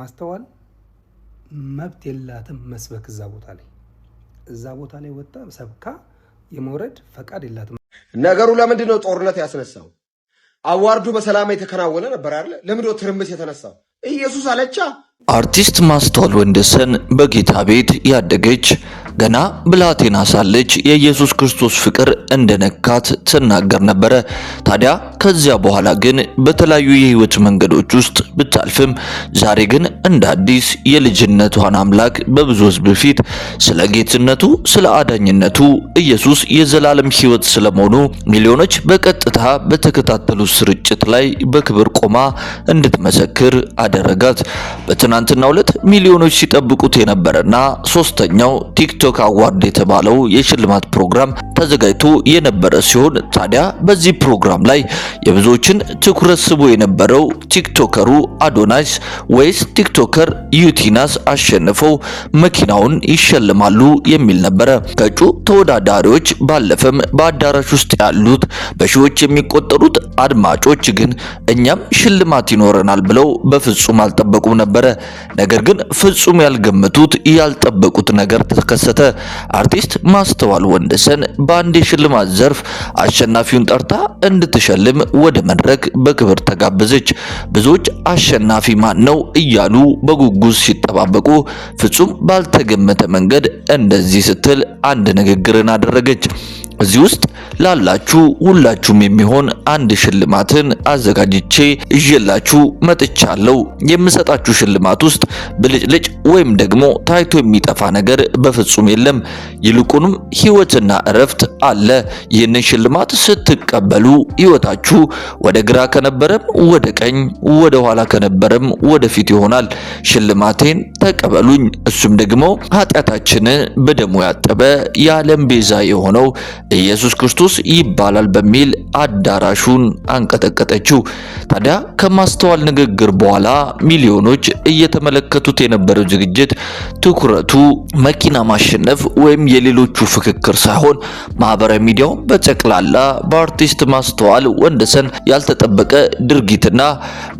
ማስተዋል መብት የላትም መስበክ እዛ ቦታ ላይ እዛ ቦታ ላይ ወጣ ሰብካ የመውረድ ፈቃድ የላትም። ነገሩ ለምንድን ነው ጦርነት ያስነሳው? አዋርዱ በሰላም የተከናወነ ነበር አለ። ለምንድን ነው ትርምስ የተነሳው? ኢየሱስ አለቻ። አርቲስት ማስተዋል ወንደሰን በጌታ ቤት ያደገች ገና ብላቴና ሳለች የኢየሱስ ክርስቶስ ፍቅር እንደነካት ትናገር ነበረ። ታዲያ ከዚያ በኋላ ግን በተለያዩ የህይወት መንገዶች ውስጥ ብታልፍም ዛሬ ግን እንደ አዲስ የልጅነቷን አምላክ በብዙ ህዝብ ፊት ስለ ጌትነቱ፣ ስለ አዳኝነቱ ኢየሱስ የዘላለም ህይወት ስለመሆኑ ሚሊዮኖች በቀጥታ በተከታተሉት ስርጭት ላይ በክብር ቆማ እንድትመሰክር አደረጋት። በትናንትናው ዕለት ሚሊዮኖች ሲጠብቁት የነበረና ሶስተኛው ቲክቶክ አዋርድ የተባለው የሽልማት ፕሮግራም ተዘጋጅቶ የነበረ ሲሆን ታዲያ በዚህ ፕሮግራም ላይ የብዙዎችን ትኩረት ስቦ የነበረው ቲክቶከሩ አዶናይስ ወይስ ቲክቶከር ዩቲናስ አሸንፈው መኪናውን ይሸልማሉ የሚል ነበረ። ከእጩ ተወዳዳሪዎች ባለፈም በአዳራሽ ውስጥ ያሉት በሺዎች የሚቆጠሩት አድማጮች ግን እኛም ሽልማት ይኖረናል ብለው በፍጹም አልጠበቁም ነበረ። ነገር ግን ፍጹም ያልገመቱት ያልጠበቁት ነገር ተከሰተ። አርቲስት ማስተዋል ወንደሰን በአንድ የሽልማት ዘርፍ አሸናፊውን ጠርታ እንድትሸልም ወደ መድረክ በክብር ተጋበዘች። ብዙዎች አሸናፊ ማን ነው እያሉ በጉጉት ሲጠባበቁ ፍጹም ባልተገመተ መንገድ እንደዚህ ስትል አንድ ንግግርን አደረገች። እዚህ ውስጥ ላላችሁ ሁላችሁም የሚሆን አንድ ሽልማትን አዘጋጅቼ እዤላችሁ መጥቻለሁ። የምሰጣችሁ ሽልማት ውስጥ ብልጭልጭ ወይም ደግሞ ታይቶ የሚጠፋ ነገር በፍጹም የለም። ይልቁንም ህይወትና እረፍት አለ። ይህንን ሽልማት ስትቀበሉ ህይወታችሁ ወደ ግራ ከነበረም ወደ ቀኝ፣ ወደ ኋላ ከነበረም ወደፊት ይሆናል። ሽልማቴን ተቀበሉኝ። እሱም ደግሞ ኃጢአታችንን በደሙ ያጠበ የዓለም ቤዛ የሆነው ኢየሱስ ክርስቶስ ቅዱስ ይባላል በሚል አዳራሹን አንቀጠቀጠችው። ታዲያ ከማስተዋል ንግግር በኋላ ሚሊዮኖች እየተመለከቱት የነበረው ዝግጅት ትኩረቱ መኪና ማሸነፍ ወይም የሌሎቹ ፍክክር ሳይሆን ማህበራዊ ሚዲያው በጠቅላላ በአርቲስት ማስተዋል ወንደሰን ያልተጠበቀ ድርጊትና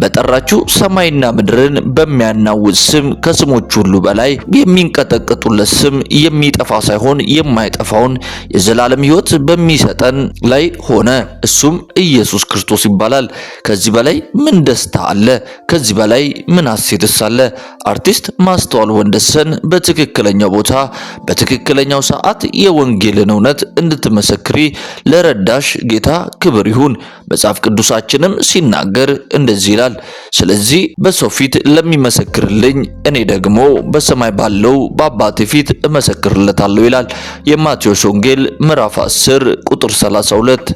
በጠራችው ሰማይና ምድርን በሚያናውጥ ስም ከስሞች ሁሉ በላይ የሚንቀጠቀጡለት ስም የሚጠፋ ሳይሆን የማይጠፋውን የዘላለም ሕይወት በሚሰጥ መጠን ላይ ሆነ። እሱም ኢየሱስ ክርስቶስ ይባላል። ከዚህ በላይ ምን ደስታ አለ? ከዚህ በላይ ምን አሴትስ አለ? አርቲስት ማስተዋል ወንደሰን በትክክለኛው ቦታ በትክክለኛው ሰዓት የወንጌልን እውነት እንድትመሰክሪ ለረዳሽ ጌታ ክብር ይሁን። መጽሐፍ ቅዱሳችንም ሲናገር እንደዚህ ይላል፣ ስለዚህ በሰው ፊት ለሚመሰክርልኝ እኔ ደግሞ በሰማይ ባለው በአባቴ ፊት እመሰክርለታለሁ ይላል። የማቴዎስ ወንጌል ምዕራፍ 10 ቁጥር ቁጥር 32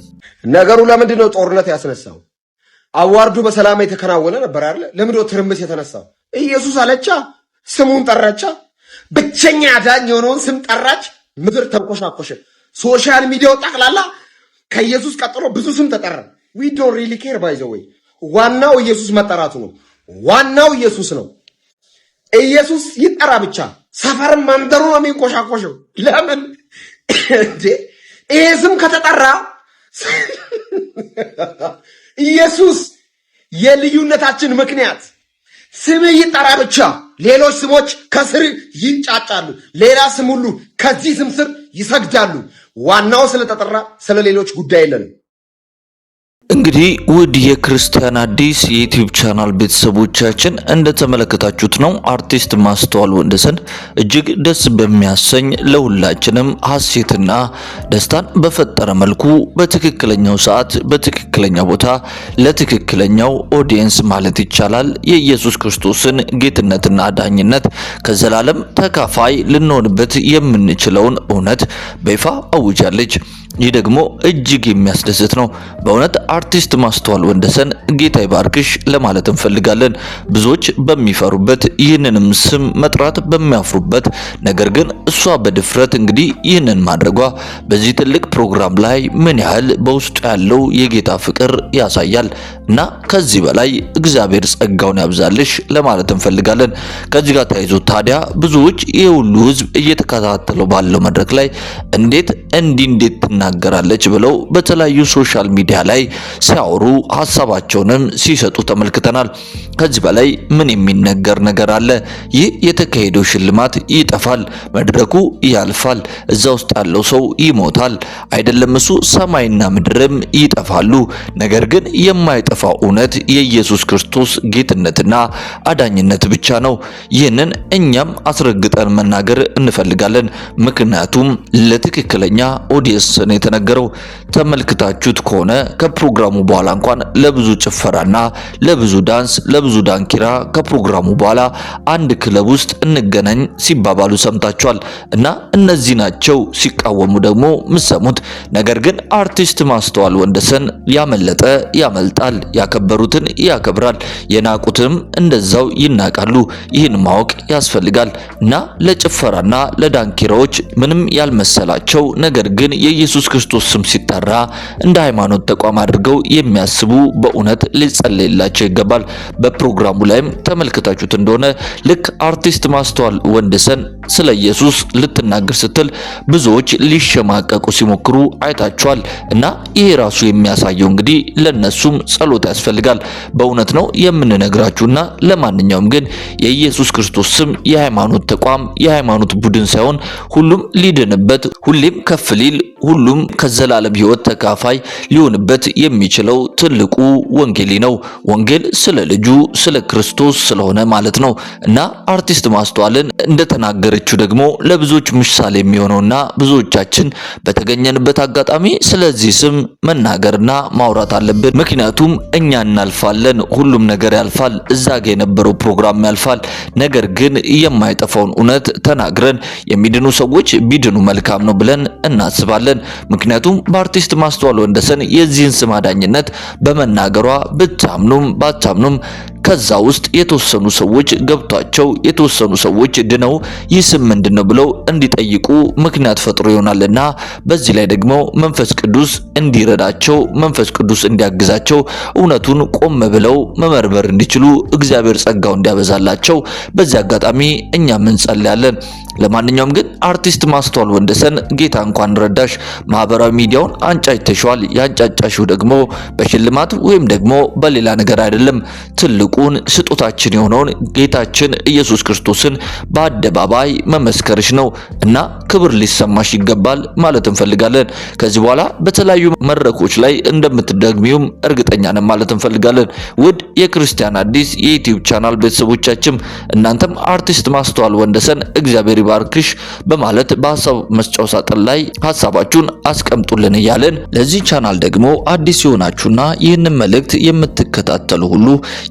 ነገሩ ለምንድን ነው ጦርነት ያስነሳው? አዋርዱ በሰላም የተከናወነ ነበር አይደለ? ለምንድነው ትርምስ የተነሳው? ኢየሱስ አለቻ፣ ስሙን ጠራቻ፣ ብቸኛ ዳኝ የሆነውን ስም ጠራች። ምድር ተንኮሻኮሸ። ሶሻል ሚዲያው ጠቅላላ ከኢየሱስ ቀጥሎ ብዙ ስም ተጠራ። ዊ ዶንት ሪሊ ኬር ባይ ዘ ወይ። ዋናው ኢየሱስ መጠራቱ ነው። ዋናው ኢየሱስ ነው። ኢየሱስ ይጠራ ብቻ። ሰፈርን መንደሩ ነው የሚንቆሻቆሸው። ለምን እንዴ? ይሄ ስም ከተጠራ ኢየሱስ የልዩነታችን ምክንያት ስም ይጠራ ብቻ። ሌሎች ስሞች ከስር ይንጫጫሉ። ሌላ ስም ሁሉ ከዚህ ስም ስር ይሰግዳሉ። ዋናው ስለተጠራ ስለ ሌሎች ጉዳይ የለንም። እንግዲህ ውድ የክርስቲያን አዲስ የዩቲዩብ ቻናል ቤተሰቦቻችን እንደተመለከታችሁት ነው አርቲስት ማስተዋል ወንደሰን እጅግ ደስ በሚያሰኝ ለሁላችንም ሀሴትና ደስታን በፈጠረ መልኩ በትክክለኛው ሰዓት በትክክለኛው ቦታ ለትክክለኛው ኦዲየንስ ማለት ይቻላል የኢየሱስ ክርስቶስን ጌትነትና ዳኝነት ከዘላለም ተካፋይ ልንሆንበት የምንችለውን እውነት በይፋ አውጃለች። ይህ ደግሞ እጅግ የሚያስደስት ነው። በእውነት አርቲስት ማስተዋል ወንደሰን ጌታ ይባርክሽ ለማለት እንፈልጋለን። ብዙዎች በሚፈሩበት ይህንንም ስም መጥራት በሚያፍሩበት፣ ነገር ግን እሷ በድፍረት እንግዲህ ይህንን ማድረጓ በዚህ ትልቅ ፕሮግራም ላይ ምን ያህል በውስጡ ያለው የጌታ ፍቅር ያሳያል እና ከዚህ በላይ እግዚአብሔር ጸጋውን ያብዛልሽ ለማለት እንፈልጋለን። ከዚህ ጋር ተያይዞ ታዲያ ብዙዎች ይህ ሁሉ ሕዝብ እየተከታተለው ባለው መድረክ ላይ እንዴት እንዲህ እንዴት ትናገራለች ብለው በተለያዩ ሶሻል ሚዲያ ላይ ሲያወሩ ሀሳባቸውንም ሲሰጡ ተመልክተናል። ከዚህ በላይ ምን የሚነገር ነገር አለ? ይህ የተካሄደው ሽልማት ይጠፋል፣ መድረኩ ያልፋል፣ እዛ ውስጥ ያለው ሰው ይሞታል። አይደለም እሱ ሰማይና ምድርም ይጠፋሉ። ነገር ግን የማይጠፋው እውነት የኢየሱስ ክርስቶስ ጌትነትና አዳኝነት ብቻ ነው። ይህንን እኛም አስረግጠን መናገር እንፈልጋለን። ምክንያቱም ለትክክለኛ ኦዲየንስ ነው የተነገረው። ተመልክታችሁት ከሆነ ከፕሮግራሙ በኋላ እንኳን ለብዙ ጭፈራና ለብዙ ዳንስ፣ ለብዙ ዳንኪራ ከፕሮግራሙ በኋላ አንድ ክለብ ውስጥ እንገናኝ ሲባባሉ ሰምታችኋል። እና እነዚህ ናቸው ሲቃወሙ ደግሞ ምሰሙት። ነገር ግን አርቲስት ማስተዋል ወንደሰን ያመለጠ ያመልጣል፣ ያከበሩትን ያከብራል፣ የናቁትም እንደዛው ይናቃሉ። ይህን ማወቅ ያስፈልጋል እና ለጭፈራና ለዳንኪራዎች ምንም ያልመሰላቸው ነገር ግን የኢየሱስ ኢየሱስ ክርስቶስ ስም ሲጠራ እንደ ሃይማኖት ተቋም አድርገው የሚያስቡ በእውነት ሊጸለይላቸው ይገባል። በፕሮግራሙ ላይም ተመልክታችሁት እንደሆነ ልክ አርቲስት ማስተዋል ወንድሰን ስለ ኢየሱስ ልትናገር ስትል ብዙዎች ሊሸማቀቁ ሲሞክሩ አይታችኋል። እና ይሄ ራሱ የሚያሳየው እንግዲህ ለነሱም ጸሎት ያስፈልጋል። በእውነት ነው የምንነግራችሁና ለማንኛውም ግን የኢየሱስ ክርስቶስ ስም የሃይማኖት ተቋም የሃይማኖት ቡድን ሳይሆን ሁሉም ሊድንበት ሁሌም ከፍ ሊል ሁሉም ከዘላለም ሕይወት ተካፋይ ሊሆንበት የሚችለው ትልቁ ወንጌል ነው። ወንጌል ስለ ልጁ ስለ ክርስቶስ ስለሆነ ማለት ነው እና አርቲስት ማስተዋልን እንደተናገረችው ደግሞ ለብዙዎች ምሳሌ የሚሆነውና ብዙዎቻችን በተገኘንበት አጋጣሚ ስለዚህ ስም መናገርና ማውራት አለብን። ምክንያቱም እኛ እናልፋለን፣ ሁሉም ነገር ያልፋል። እዛ ጋ የነበረው ፕሮግራም ያልፋል። ነገር ግን የማይጠፋውን እውነት ተናግረን የሚድኑ ሰዎች ቢድኑ መልካም ነው ብለን እናስባለን። እንችላለን። ምክንያቱም በአርቲስት ማስተዋል ወንደሰን የዚህን ስም አዳኝነት በመናገሯ ብታምኑም ባታምኑም ከዛ ውስጥ የተወሰኑ ሰዎች ገብቷቸው የተወሰኑ ሰዎች ድነው ይህ ስም ምንድነው ብለው እንዲጠይቁ ምክንያት ፈጥሮ ይሆናልና በዚህ ላይ ደግሞ መንፈስ ቅዱስ እንዲረዳቸው መንፈስ ቅዱስ እንዲያግዛቸው እውነቱን ቆም ብለው መመርመር እንዲችሉ እግዚአብሔር ጸጋው እንዲያበዛላቸው በዚህ አጋጣሚ እኛም እንጸልያለን። ለማንኛውም ግን አርቲስት ማስተዋል ወንደሰን ጌታ እንኳን ረዳሽ ማህበራዊ ሚዲያውን አንጫጭተሽዋል። ያንጫጫሽው ደግሞ በሽልማት ወይም ደግሞ በሌላ ነገር አይደለም። ትልቁን ስጦታችን የሆነውን ጌታችን ኢየሱስ ክርስቶስን በአደባባይ መመስከርሽ ነው እና ክብር ሊሰማሽ ይገባል ማለት እንፈልጋለን። ከዚህ በኋላ በተለያዩ መድረኮች ላይ እንደምትደግሚውም እርግጠኛ ነን ማለት እንፈልጋለን። ውድ የክርስቲያን አዲስ የዩቲዩብ ቻናል ቤተሰቦቻችን እናንተም አርቲስት ማስተዋል ወንደሰን እግዚአብሔር እንዲባርክሽ በማለት በሀሳብ መስጫው ሳጥን ላይ ሀሳባችሁን አስቀምጡልን እያለን ለዚህ ቻናል ደግሞ አዲስ የሆናችሁና ይህንን መልእክት የምትከታተሉ ሁሉ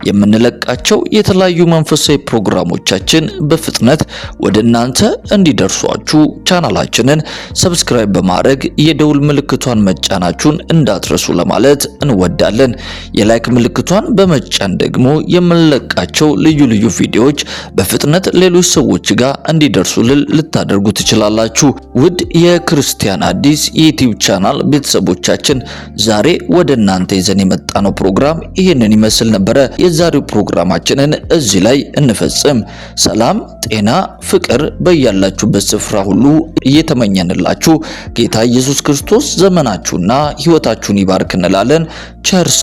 የምንለቃቸው የተለያዩ መንፈሳዊ ፕሮግራሞቻችን በፍጥነት ወደ እናንተ እንዲደርሷችሁ ቻናላችንን ሰብስክራይብ በማድረግ የደውል ምልክቷን መጫናችሁን እንዳትረሱ ለማለት እንወዳለን። የላይክ ምልክቷን በመጫን ደግሞ የምንለቃቸው ልዩ ልዩ ቪዲዮዎች በፍጥነት ሌሎች ሰዎች ጋር እንዲደርሱ እንድትመርጡልን ልታደርጉ ትችላላችሁ። ውድ የክርስቲያን አዲስ የዩቲዩብ ቻናል ቤተሰቦቻችን ዛሬ ወደ እናንተ ይዘን የመጣነው ፕሮግራም ይህንን ይመስል ነበረ። የዛሬው ፕሮግራማችንን እዚህ ላይ እንፈጽም። ሰላም፣ ጤና፣ ፍቅር በያላችሁበት ስፍራ ሁሉ እየተመኘንላችሁ ጌታ ኢየሱስ ክርስቶስ ዘመናችሁና ሕይወታችሁን ይባርክ እንላለን። ቸርስ